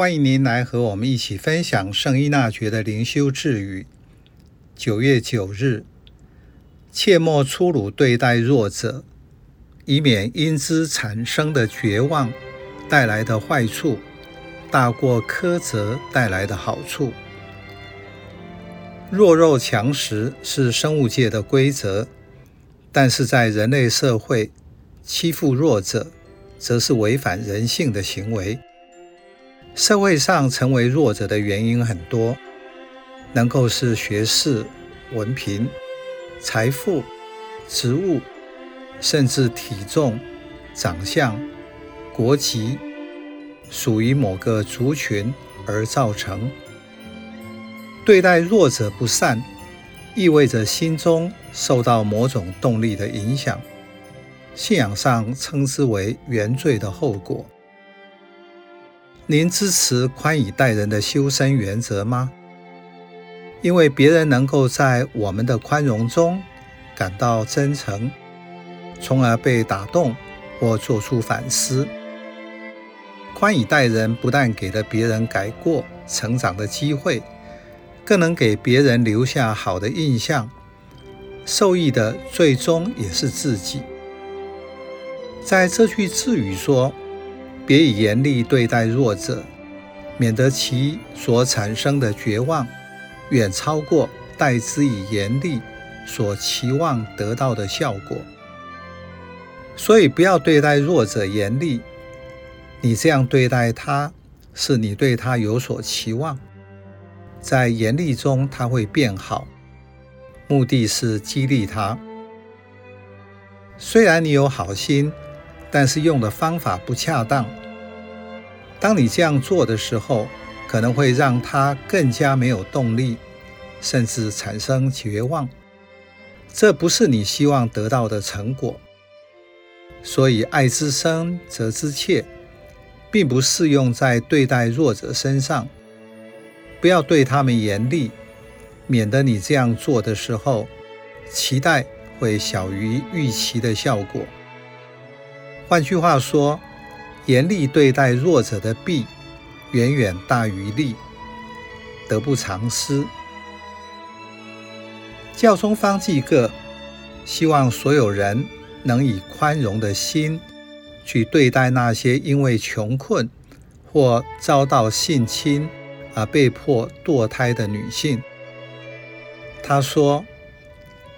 歡迎您來和我們一起分享聖依納爵的靈修智語。九月九日，切莫粗魯對待弱者，以免因之產生的絕望帶來的壞處，大過苛責帶來的好處。弱肉強食是生物界的規則，但是在人類社會，欺負弱者，則是違反人性的行為。社會上成為弱者的原因很多，能夠是學識文憑、財富、職務，甚至體重、長相、國籍，屬於某個族群而造成。對待弱者不善，意味着心中受到某種動力的影響，信仰上稱之為原罪的後果。您支持寬以待人的修身原則嗎？因為別人能夠在我們的寬容中感到真誠，從而被打動或做出反思。寬以待人不但給了別人改過成長的機會，更能給別人留下好的印象，受益的最終也是自己。在這句智語說。別以嚴厲對待弱者，免得其所產生的絕望遠超過待之以嚴厲所期望得到的效果。所以不要對待弱者嚴厲，你這樣對待他是你對他有所期望，在嚴厲中他會變好，目的是激勵他。雖然你有好心，但是用的方法不恰當。當你這樣做的時候，可能會讓他更加沒有動力，甚至產生絕望。這不是你希望得到的成果。所以，愛之深責之切，並不適用在對待弱者身上。不要對他們嚴厲，免得你這樣做的時候，期待會小於預期的效果。換句話說，嚴厲對待弱者的弊遠遠大於利，得不償失。教宗方濟各希望所有人能以寬容的心去對待那些因為窮困或遭到性侵而被迫墮胎的女性。他說：“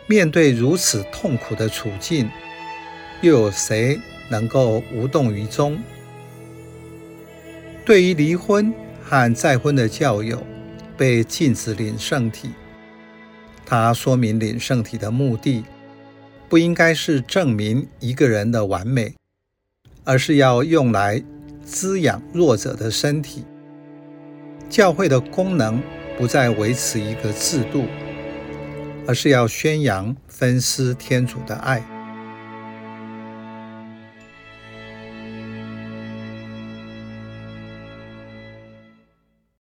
面對如此痛苦的處境，又有誰能夠無動於衷？”對於離婚和再婚的教友被禁止領聖體，他說明領聖體的目的不應該是證明一個人的完美，而是要用來滋養弱者的身體。教會的功能不在維持一個制度，而是要宣揚分施天主的愛。